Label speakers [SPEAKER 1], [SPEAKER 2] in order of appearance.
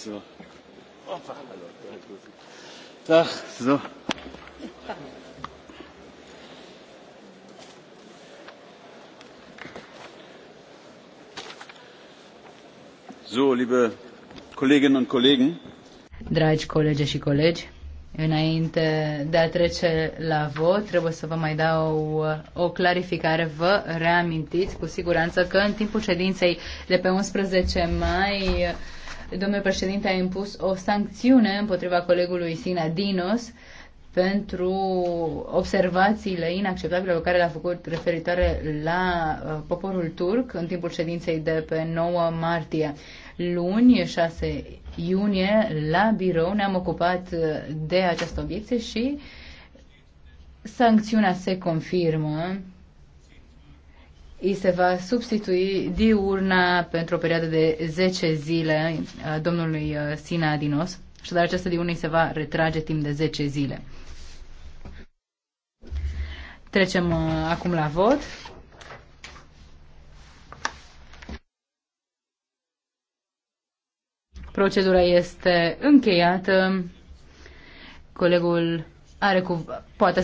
[SPEAKER 1] So. Da, so.
[SPEAKER 2] So, liebe Kolleginnen und Kollegen.
[SPEAKER 3] Dragi colegi și colegi, Înainte de a trece la vot, trebuie să vă mai dau o clarificare. Vă reamintiți cu siguranță că în timpul ședinței de pe 11 mai domnul președinte a impus o sancțiune împotriva colegului Sina Dinos pentru observațiile inacceptabile pe care le-a făcut referitoare la uh, poporul turc în timpul ședinței de pe 9 martie. Luni, 6 iunie, la birou ne-am ocupat uh, de această obiecție și sancțiunea se confirmă îi se va substitui diurna pentru o perioadă de 10 zile uh, domnului uh, Sina Adinos și dar această diurnă îi se va retrage timp de 10 zile. Trecem uh, acum la vot. Procedura este încheiată. Colegul are cu, poate